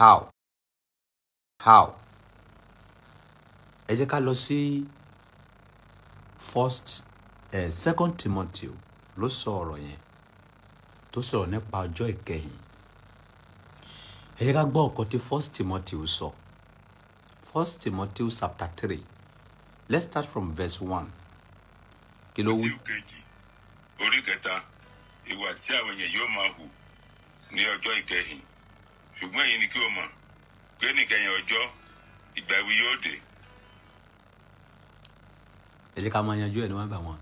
how how ẹ jẹ́ ká lọ sí first eh, second Timothy ló sọ ọ̀rọ̀ yẹn tó sọ̀rọ̀ nípa ọjọ́ ìkẹyìn ẹ jẹ́ ká gbọ́ ọ̀kan tí first Timothy sọ first Timothy chapter three let's start from verse one kí ló wí. orí kẹta ìwà tí àwọn èèyàn yóò máa hù ní ọjọ́ ìkẹyìn ṣùgbọ́n èyí ni kí o mọ̀ pé nìkẹyìn ọjọ́ ìgbàgbé yóò dé. ẹ jẹ́ ká máa yanjú ẹ̀ níwọ̀n gbà wọ́n.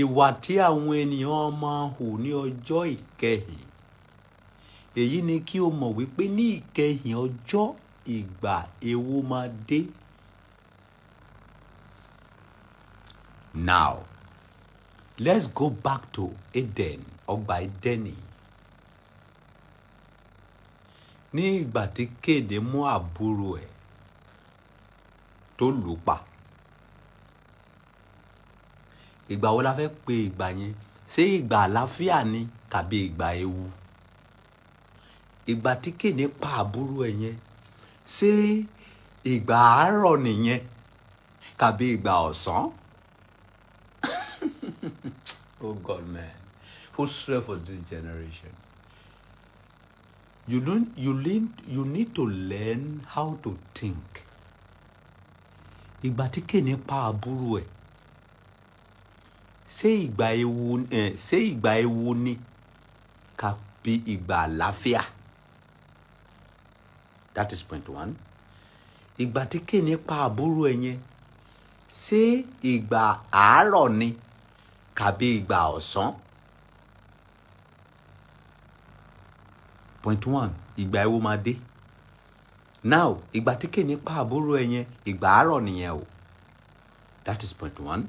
ìwà tí àwọn ènìyàn máa hù ní ọjọ́ ìkẹyìn èyí ni kí o mọ̀ wípé ní ìkẹyìn ọjọ́ ìgbà ewu máa dé. Now, let's go back to Eden, ọgbà Edeni ní ìgbà tí Kéde mú àbúrò ẹ̀ tó lù ú pa ìgbà wo la fẹ́ pe ìgbà yẹn ṣé ìgbà àlàáfíà ni tàbí ìgbà ewu ìgbà tí Kéde pa àbúrò ẹ̀ yẹn ṣé ìgbà àárọ̀ nìyẹn tàbí ìgbà ọ̀sán oh God man who swear for this generation. You don't. You learn. You need to learn how to think. Ìgbà tí Kéènì pa àbúrò ẹ̀ ṣé ìgbà ewu ẹ̀ ṣé ìgbà ewu ni kàbí ìgbà àlàáfíà that is point one ìgbà tí Kéènì pa àbúrò ẹ̀ yẹn ṣé ìgbà àárọ̀ ni kàbí ìgbà ọ̀sán point one ìgbà ẹ̀wò máa dé now ìgbà tí kìíní pa àbúrò ẹ̀ yẹn ìgbà àárọ̀ nìyẹn o that is point one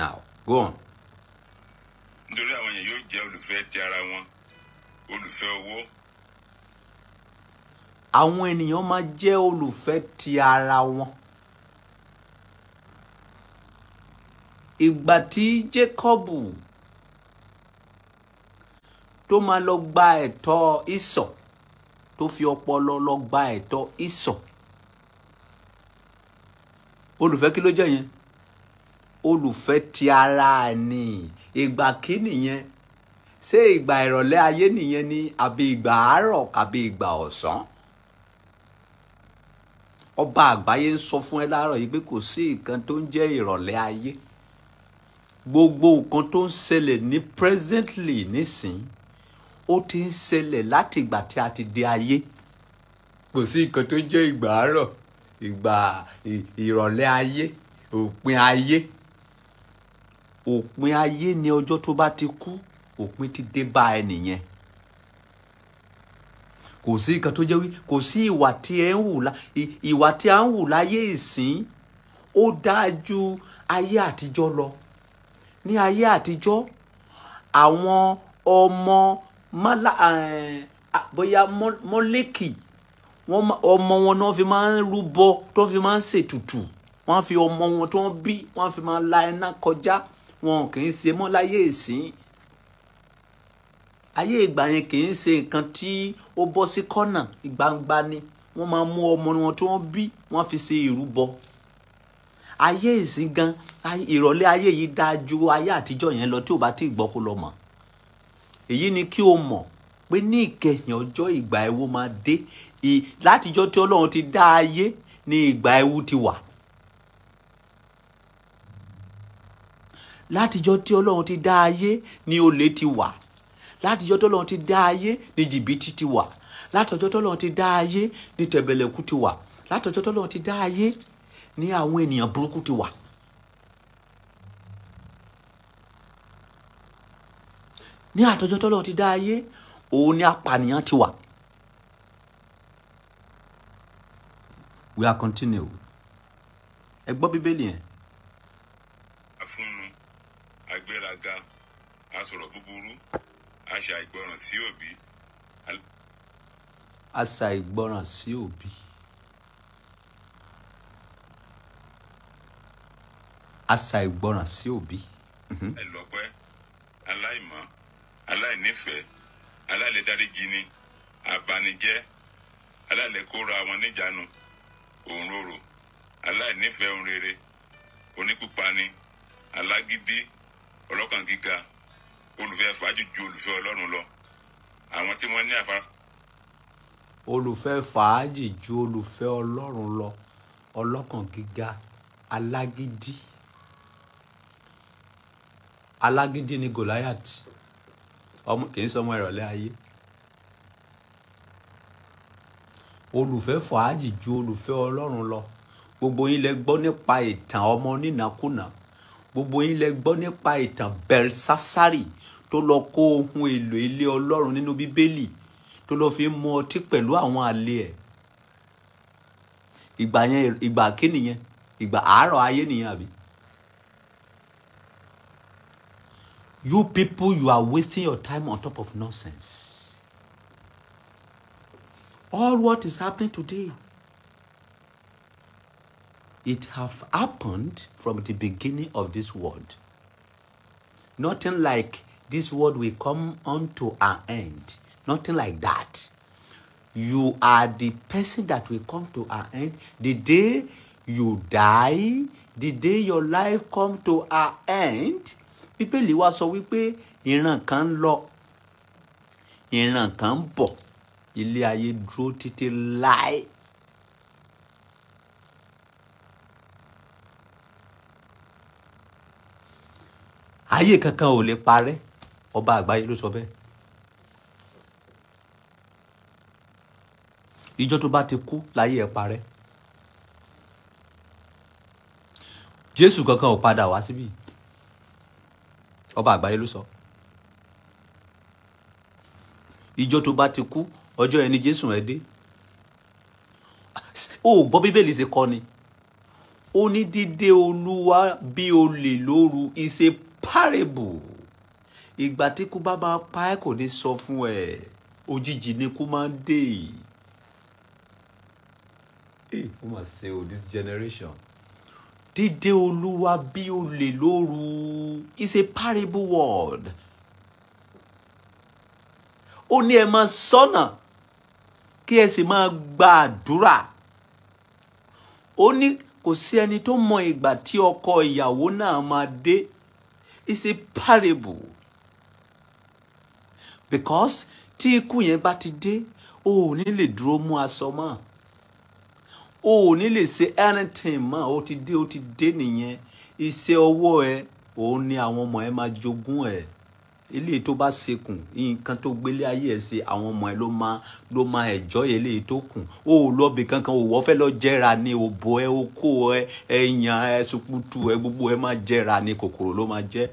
now go on. nítorí àwọn yẹn yóò jẹ́ olùfẹ́ ti ara wọn olùfẹ́ owó. àwọn ènìyàn máa jẹ́ olùfẹ́ ti ara wọn. ìgbà tí Jákọ́bù tó máa lọ gba ẹ̀tọ́ ìsọ̀ tó fi ọpọlọ lọ gba ẹ̀tọ́ ìsọ̀ olùfẹ́ kí ló jẹ́ yẹn olùfẹ́ ti ara ni ìgbà kí nìyẹn ṣé ìgbà ìrọ̀lẹ́ ayé nìyẹn ni àbí ìgbà àárọ̀ àbí ìgbà ọ̀sán ọba àgbáyé ń sọ fún ẹ láàárọ̀ yìí pé kò sí nǹkan tó ń jẹ́ ìrọ̀lẹ́ ayé gbogbo nǹkan tó ń ṣẹlẹ̀ ní presently nísìnyí ó ti ń ṣẹlẹ̀ láti ìgbà tí a ti dé ayé kò sí nǹkan tó jẹ́ ìgbà àárọ̀ ìgbà ìrọ̀lẹ́ ayé òpin ayé òpin ayé ni ọjọ́ tó bá ti kú òpin ti dé bá ẹnìyẹn kò sí nǹkan tó jẹ́ wí kò sí ìwà tí ẹ ń hù ìwà tí a ń hù láyé ìsìn ó dáa ju ayé àtijọ́ lọ ní ayé àtijọ́ àwọn ọmọ mala eh, ah, bóyá mọ́lẹ́kì ọmọ wọn náà fi máa ń rúbọ tó fi máa ń ṣètùtù wọ́n fi ọmọ wọn tó ń bí wọ́n fi máa la iná kọjá wọn kì í ṣe mọ́ láyé ìsìn ayé ìgbà yẹn kì í ṣe nǹkan tí ó bọ́ sí kọ́nà ìgbangba ni wọ́n máa mú ọmọ wọn tó ń bí wọ́n fi ṣe ìrúbọ ayé ìsìn gan ìrọ̀lẹ́ ayé yìí dáa ju ayé àtijọ́ yẹn lọ tí ò bá ti gbọ́ kó lọ mọ̀ èyí ni kí o mọ̀ pé ní ìkẹyìn ọjọ́ ìgbà ewu máa dé látijọ́ tí ọlọ́run ti dá ayé ni ìgbà ewu ti wà. látijọ́ tí ọlọ́run ti dá ayé ni olè ti wà látijọ́ tí ọlọ́run ti dá ayé ni jìbìtì ti wà látọjọ́ tí ọlọ́run ti dá ayé ni tẹ̀bẹ̀lẹ̀kú ti wà látọjọ́ tí ọlọ́run ti dá ayé ni àwọn ènìyàn burúkú ti wà. ní àtọjọ́ tọ́lọ́ ti dá ayé òun ni apànìyàn ti wà. we are continue ẹ gbọ́ bíbélì yẹn. àfúnnu agbéraga asọ̀rọ̀ búburú àṣà ìgbọràn sí òbí. àṣà ìgbọràn sí òbí. àṣà ìgbọràn sí òbí. ẹ lọ pẹ́ nífẹ̀ẹ́ alálẹ̀ dáríjì ni abanijẹ́ alálẹ̀ kóra wọn níjànú òǹrorò aláìnífẹ̀ẹ́ ohun rere oníkúpani alágídí ọlọ́kàn gíga olùfẹ́ fàájì ju olùfẹ́ ọlọ́run lọ àwọn tí wọ́n ní àfara. olùfẹ́ fàájì ju olùfẹ́ ọlọ́run lọ ọlọ́kàn gíga alágídí alágídí ni Goliath ọmọ kì í sọmọ ìrọ̀lẹ́ ayé olùfẹ́ fàájì ju olùfẹ́ ọlọ́run lọ gbogbo yín lẹ gbọ́ nípa ìtàn ọmọ onínàkúnà gbogbo yín lẹ gbọ́ nípa ìtàn belsasari tó lọ kó ohun èlò ilé ọlọ́run nínú bíbélì tó lọ fi mu ọtí pẹ̀lú àwọn àlè ẹ̀ ìgbà yẹn ìgbà kí nìyẹn ìgbà àárọ̀ ayé nìyẹn àbí You people, you are wasting your time on top of nonsense. All what is happening today, it have happened from the beginning of this world. Nothing like this world will come unto an end. Nothing like that. You are the person that will come to an end. The day you die, the day your life come to an end, bíbélì wa sọ wípé ìran kan ń lọ ìran kan ń bọ̀ ilé ayé dúró títí láì. ayé kankan ò lè parẹ́ ọba àgbáyé ló sọ bẹ́ẹ̀. ìjọ tó bá ti kú láyé ẹ parẹ́. jésù kankan ò padà wá síbí. Si ọba àgbáyé ló sọ ìjọ tó bá ti kú ọjọ́ ẹni jésù ẹ dé ó gbọ́ bíbélì ṣe kọ́ ni ó ní dídé olúwa bí olè lóru is a parable ìgbà tí kú bá máa pa ẹ́ kò ní sọ fún ẹ òjijì ni kú máa ń dé. Hey, eh, ó mà ṣe o this generation dídé olúwa bí olè lóru is a parable word ó ní ẹ máa sọ́nà kí ẹ sì máa gba àdúrà ó ní kò sí ẹni tó mọ ìgbà tí ọkọ ìyàwó náà máa dé is a parable because tí ikú yẹn bá ti dé o ò ní lè dúró mú aṣọ mọ́ o ò ní lè ṣe anything mọ́ o ti dé o ti dé nìyẹn iṣẹ́ ọwọ́ ẹ o ni àwọn ọmọ ẹ máa jogún ẹ eléyìí tó bá sekùn nǹkan tó gbélé ayé ẹ ṣe àwọn ọmọ ẹ ló máa ló máa ẹjọ́ eléyìí tó kù ó lọ bì kankan o fẹ́ lọ jẹra ni òbò ẹ okó ẹ ẹyàn ẹ sukutu ẹ gbogbo ẹ máa jẹra ni kòkòrò ló máa jẹ